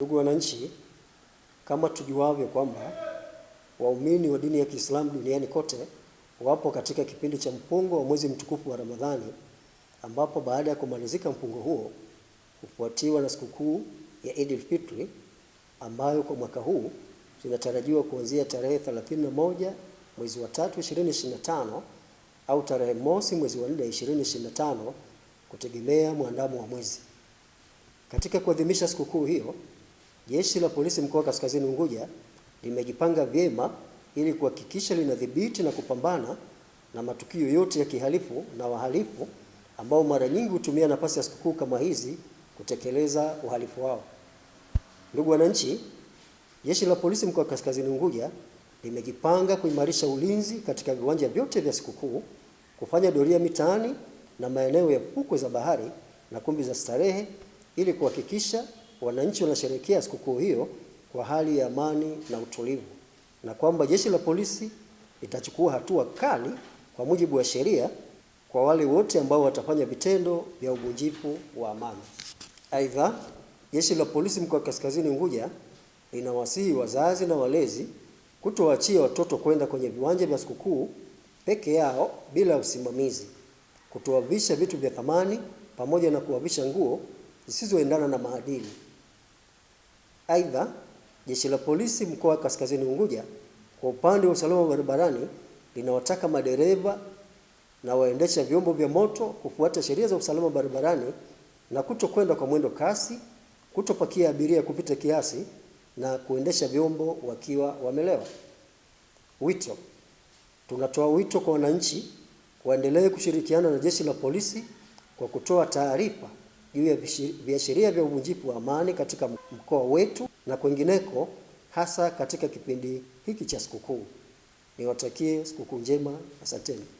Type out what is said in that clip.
Ndugu wananchi, kama tujuavyo kwamba waumini wa dini ya Kiislamu duniani kote wapo katika kipindi cha mpungo wa mwezi mtukufu wa Ramadhani, ambapo baada ya kumalizika mpungo huo hufuatiwa na sikukuu ya Idil Fitri ambayo kwa mwaka huu zinatarajiwa kuanzia tarehe 31 mwezi wa 3 2025 au tarehe mosi mwezi wa 4 2025 kutegemea mwandamo wa mwezi. Katika kuadhimisha sikukuu hiyo Jeshi la Polisi mkoa wa Kaskazini Unguja limejipanga vyema ili kuhakikisha linadhibiti na kupambana na matukio yote ya kihalifu na wahalifu ambao mara nyingi hutumia nafasi ya sikukuu kama hizi kutekeleza uhalifu wao. Ndugu wananchi, Jeshi la Polisi mkoa wa Kaskazini Unguja limejipanga kuimarisha ulinzi katika viwanja vyote vya sikukuu, kufanya doria mitaani na maeneo ya fukwe za bahari na kumbi za starehe ili kuhakikisha wananchi wanasherehekea sikukuu hiyo kwa hali ya amani na utulivu, na kwamba jeshi la polisi litachukua hatua kali kwa mujibu wa sheria kwa wale wote ambao watafanya vitendo vya uvunjifu wa amani. Aidha, jeshi la polisi mkoa wa Kaskazini Unguja linawasihi wazazi na walezi kutowaachia watoto kwenda kwenye viwanja vya sikukuu peke yao bila usimamizi, kutowavisha vitu vya thamani pamoja na kuwavisha nguo zisizoendana na maadili. Aidha, jeshi la polisi mkoa wa Kaskazini Unguja kwa upande wa usalama barabarani linawataka madereva na waendesha vyombo vya moto kufuata sheria za usalama barabarani na kutokwenda kwa mwendo kasi, kutopakia abiria kupita kiasi na kuendesha vyombo wakiwa wamelewa. Wito. Tunatoa wito kwa wananchi waendelee kushirikiana na jeshi la polisi kwa kutoa taarifa juu ya viashiria vya uvunjifu wa amani katika mkoa wetu na kwengineko, hasa katika kipindi hiki cha sikukuu. Niwatakie sikukuu njema. Asanteni.